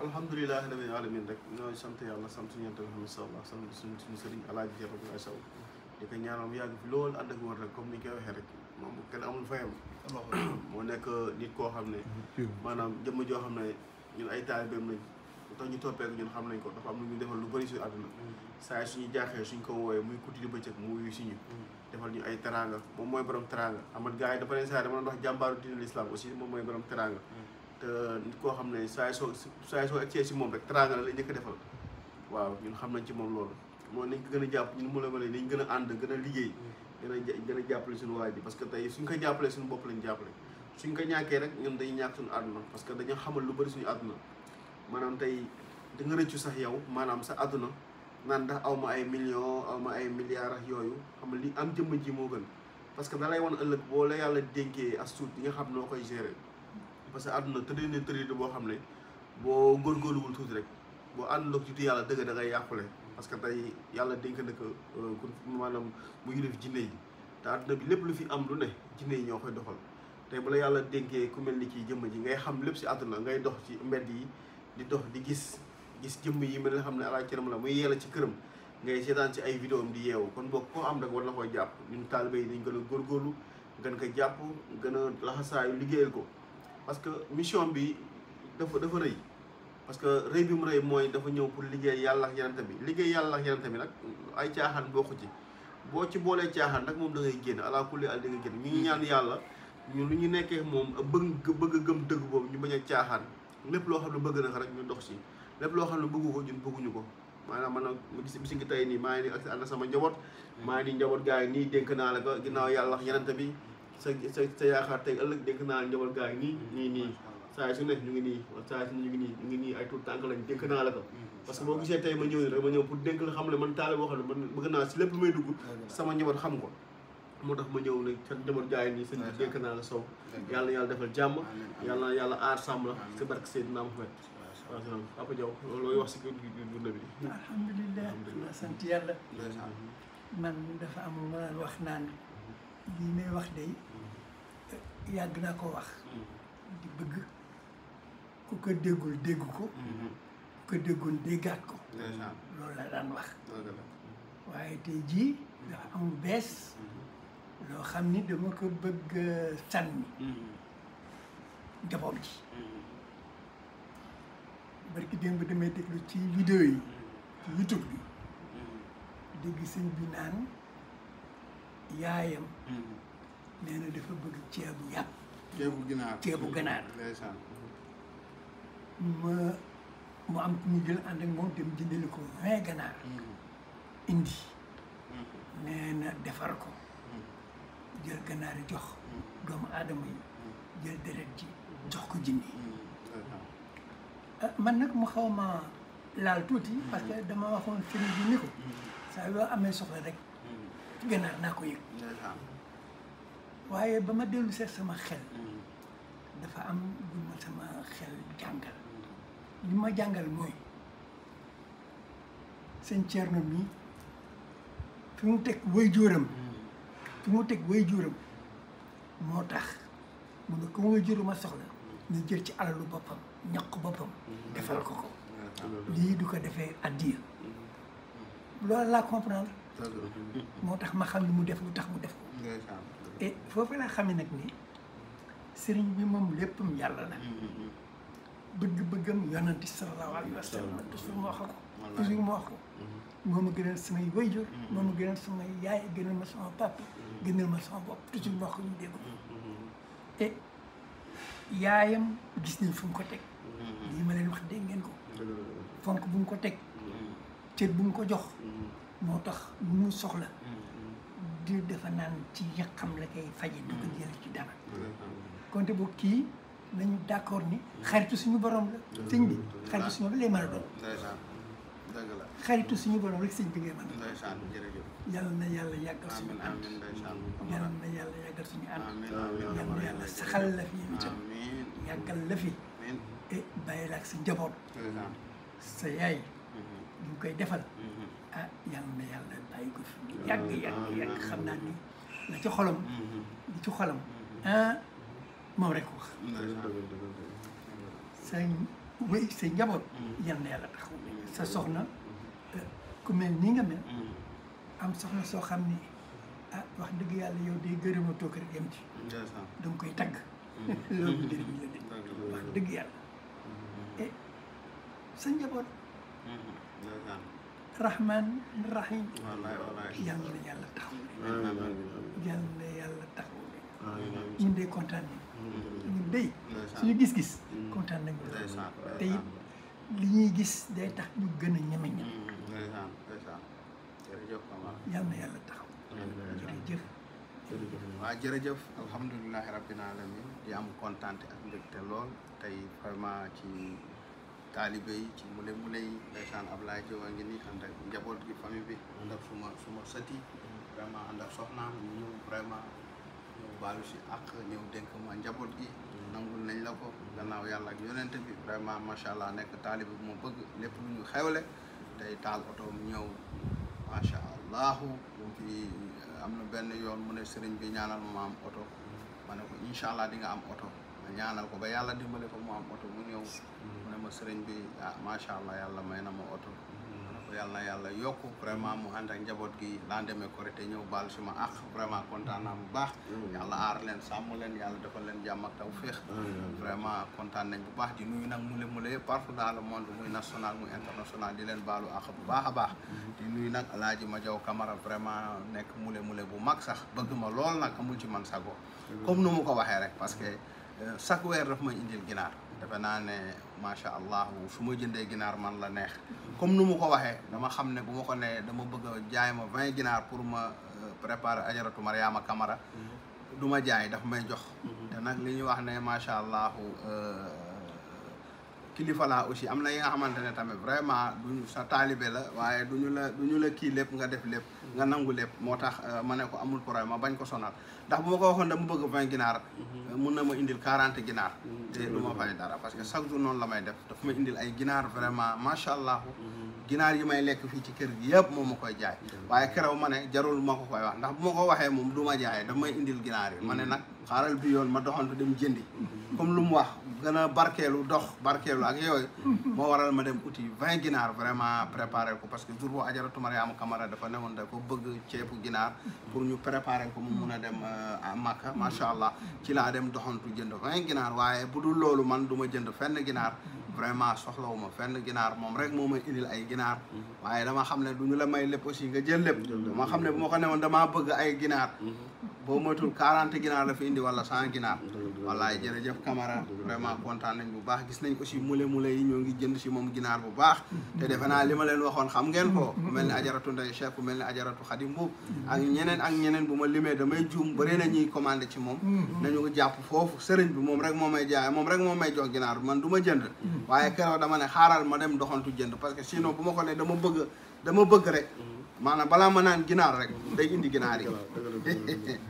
alhamdulilah rabbil alamin rek ñooy sant yàlla sant suñu yàlla tamit sallallahu alayhi wa sallam suñu sëriñ alaaji Cheikh Abdoulaye Sow di ko ñaanal mu yàgg fi loolu ànd ak wër rek ñu koy moo nekk nit koo xam ne maanaam jëmm joo xam ne ñun ay taalibeem ñu toppee ko ñun xam nañ ko dafa am lu ñu defal lu bari suñu àdduna mm. saa suñu jaaxee suñ ko wooyee muy kuti di bëccëg mu wuyu si ñu mm. defal ñu ay teranga moom mooy borom teranga amat gars yi dafa leen saa dama doon wax jàmbaaru diinul islam aussi moom mooy borom teranga mm. te nit koo xam ne saay soo saay soo accee si moom rek teraanga la njëkk a defal waaw ñun xam nañ ci moom loolu moo nañ ko gën a jàpp ñun mu la ma nañ gën a ànd gën a liggéey gën a gën a jàppale suñu waay bi parce que tey suñ ko jàppalee suñu bopp lañ jàppale suñ ko ñàkkee rek ñun dañuy ñàkk suñu àdduna parce que dañoo xamal lu bëri suñu àdduna maanaam tey da nga rëccu sax yow maanaam sa àdduna naan ndax aw ma ay million aw ma ay milliards ak yooyu xam li am jëmm ji moo gën parce que da lay ëllëg boo la yàlla dénkee as tuut di nga xam noo koy gérer parce que àdduna tëri ne tëri boo xam ne boo góorgóorluwul tuuti rek boo àndul ak jiitu yàlla dëgg da ngay yàqule parce que tey yàlla dénk na ko euh, ku maanaam mu yilif jinne yi te àdduna bi lu fi am lu ne jinne ñoo koy doxal tey bala yàlla dénkee ku mel ni jëmm ji ngay xam lépp si àdduna ngay dox ci mbedd yi di dox di gis gis jëmm yi mel xam ne ala këram la muy yeela ci këram ngay seetaan ci ay vidéo am di yeewu kon boo koo am rek war na koo jàpp ñun taalibe yi dañ gën a góor góorgóorlu gën ko jàpp gën a laxasaayu liggéeyal ko parce que mission bi dafa dafa rëy parce que rëy bi mu rëy mooy dafa ñëw pour liggéey yàlla ak bi liggéey yàlla ak bi nag ay caaxaan bokku ci boo ci boolee caaxaan nag moom da génn ala kulli al di nga génn ñu ngi ñaan yàlla ñu lu ñu nekkee moom bëgg bëgg gëm dëgg boobu ñu bañ a caaxaan lépp loo xam ne bëgg na ko rek ñu ndox si lépp loo xam ne bëggu ko ñun bëgguñu ko maanaam man ma bisi ngi tey nii maa ngi ni ak ànd sama njaboot maa ngi ni njaboot gars yi nii dénk naa la ko ginnaaw yàlla ak bi sa sa sa yaakaar tey ëllëg dénk naa njaboot gaa ngi nii nii nii saa su ne ñu ngi nii saa su ñu ngi nii ñu ngi nii ay tuut tànk lañ dénk naa la ko parce boo gisee tey ma ñëw rek ma ñëw pour dénk la xam ko moo tax ma ñëw ne sa njaboot gaa nii sëñ dénk naa la sow yàlla na yàlla defal jàmm yàlla na yàlla aar sàmm la si barke Seydina Muhammad waaw waaw Papa Diaw looy wax si kër gi dund bi. alhamdulilah sant man dafa am wax naan lii may wax day yàgg naa ko wax di bëgg ku ko déggul dégg ko ku ko déggul déggaat ko loolu la daan wax waaye te jii dafa amul bees mm-hmm. loo xam ni dama ko bëgg sànni mm-hmm. njaboot ji mm-hmm. barki démb damay déglu ci vidéo yi ci YouTube bi dégg sëñ bi naan yaayam. Mm-hmm. nee dafa bëgg ceebu yàpp. ceebu ginaar ceebu ginaar. ma mu am ku ñu jël ànd ak moom dem jëndali ko vingt ganaar mm-hmm. indi mm-hmm. nee defar ko jël ganaar jox doomu aadama yi jël deret ji jox ko jinni ah, man nag mu xaw ma laal tuuti parce que dama waxoon sëriñ bi ni ko saa yoo amee soxla rek ganaar naa ko yëg waaye ba ma dellu seet sama xel mm-hmm. dafa am lu sama xel jàngal li ma jàngal mooy seen Thierno mi fi mu teg way jóoram mm-hmm. fi mu teg way jóoram moo tax mu ne ko way jóoram a soxla na jël ci alalu boppam ñaq boppam mm-hmm. defal ko ko lii du ko defee addiya loolu laa comprendre moo tax ma xam lu mu def lu tax mu def et foofu laa xamee nag ni sëriñ bi moom léppam yàlla la mm-hmm. bëgg-bëggam yonanti sallallahu alayhi wa sallam toujours moo xam ko toujours moo wax ko mm-hmm. moom a gënal samay wayjur moom a ñu dégg mm-hmm. yaayam gis nañ fu ko teg lii ma leen wax dégg ngeen ko fonk bum ko teg cër bu ko jox moo tax mu soxla mm-hmm. di dafa naan ci yàqam la koy faje du ko jële ci dara mm-hmm. konte boobu kii nañu d'accord ni mm-hmm. xaritu suñu borom la sëñ bi xaritu suñu borom la xaritu suñu borom rek sëñ bi ngay mën a ndeysaan jërëjëf yàlla na yàlla yàggal suñu ànd yàlla na yàlla yàggal suñu ànd yàlla na yàlla saxal la fi yow itam yàggal la fi e bàyyi la ak sa njaboot sa yaay Mm-hmm. ñu koy defal mm-hmm. ah, yal na yàlla bàyyi ko mm-hmm. yàgg yàgg yàgg xam naa ni la ci xolam li ci xolam ah moom rek wax sa wéy sa njaboot yal na yàlla taxaw sa soxna eh, ku mel nii nga mel am soxna soo xam ni ah wax dëgg yàlla yow day gërëma toog rek yem ci da nga koy tagg loolu njëriñ la de wax dëgg yàlla eh, sa njaboot rahman rahim yàlla na na yàlla taxaw ñun dey kontaan nañ ñun dey suñu gis-gis mm. kontaan nañ te li ñuy gis day tax ñu gën a ñeme ñam mm, yàlla na yàlla taxaw jërëjëf waaw jërëjëf alhamdulilahi rabbil alamin di am kontaan ak mbégte lool tey vraiment ci taalibe ci mule mule ndeysaan Ablaye Diop a ngi njaboot gi famille bi ànd ak suma suma sëti vraiment ànd ak soxnaam ñu ñëw vraiment ñëw baalu si ak ñëw dénk ma njaboot gi nangul nañ la ko gannaaw yàlla ak yonent bi vraiment macha allah nekk taaliba bu ma lépp lu ñu xewle tey taal otoom ñëw macha allahu eh, am na benn yoon mu ne sëriñ bi ñaanal ma am oto ma ne ko allah di nga am oto ma ñaanal ko ba yàlla dimbale ko mu am oto mu ñëw ma bi ah macha allah yàlla may na ma oto yàlla na yàlla yokk vraiment mu ànd ak njaboot gi laa demee Korité ñëw baal si ma ak vraiment kontaan naa bu baax mm. yàlla aar leen sàmm leen yàlla defal leen jàmm ak taw féex mm. vraiment kontaan nañ bu baax di nuyu nag mule mule yëpp partout daal le monde muy national muy international di leen baalu ak bu baax a baax mm. di nuyu nag alaaji ma jaw kamara vraiment nekk mule mule bu mag sax bëgg ma lool nag amul ci man sago comme nu mu ko waxee rek parce que euh, chaque weer daf may indil ginaar defe naa ne macha allah fu ma jëndee ginaar man la neex comme nu mu ko waxee dama xam ne bu ma ko nee dama bëgg jaay ma vingt ginaar pour ma euh, préparer ajaratu Mariama Kamara mhm. duma ma jaay daf may jox mhm. te nag li ñuy wax ne macha allah euh, kilifa laa aussi am na yi nga xamante ne tamit vraiment duñu sa taalibe la waaye duñu la duñu la kii lépp nga def lépp nga nangu lépp moo tax euh, ma ne ko amul problème ma bañ ko sonal ndax bu ma ko waxoon dama bëgg vingt ginaar mhm. mun na ma indil quarante ginaar mhm. te du ma fay dara que chaque jour noonu la may def daf ma indil ay ginaar vraiment macha allah mhm. ginaar yi may lekk fii ci kër gi yëpp moom ma koy jaay waaye kerew ma ne jarul ma ko koy wax ndax bu ma ko waxee moom du ma jaay daf may indil ginaar yi ma ne nag xaaral bi yoon ma doxantu dem jëndi comme lu mu wax gën a barkeelu dox barkeelu ak yooyu moo waral ma dem uti vingt ginaar vraiment préparer ko parce que jour boo ajaratu Mariama Camara dafa newoon da ko bëgg ceebu ginaar pour ñu préparé ko mu mun a dem euh, Makka macha allah ci laa dem doxantu jënd vingt ginaar waaye bu dul loolu man duma ma jënd fenn ginaar vraiment wu ma fenn ginaar moom rek moo ma indil ay ginaar mhm. waaye dama xam ne du ñu la may lépp aussi nga jël lépp dama xam ne bu ma ko newoon damaa bëgg ay ginaar mhm. boo moytul quarante ginaar la fi indi wala cent ginaar wallaay jërëjëf Camara vraiment kontaan nañ bu baax gis nañ aussi mule mule yi ñoo ngi jënd si moom ginaar bu baax te defe naa li ma leen waxoon xam ngeen ko ku mel ni ajaratu Ndeye Cheikh ku mel ni ajaratu Khadim Mbuub ak ñeneen ak ñeneen bu ma limee may juum bëri na ñuy commandé ci moom nañu ko jàpp foofu sëriñ bi moom rek moo may jaay moom rek moo may jox ginaar man du ma jënd waaye keroog dama ne xaaral ma dem doxantu jënd parce que sinon bu ma ko ne dama bëgg bëgg rek maanaam balaa ma naan ginaar rek day indi ginaar yi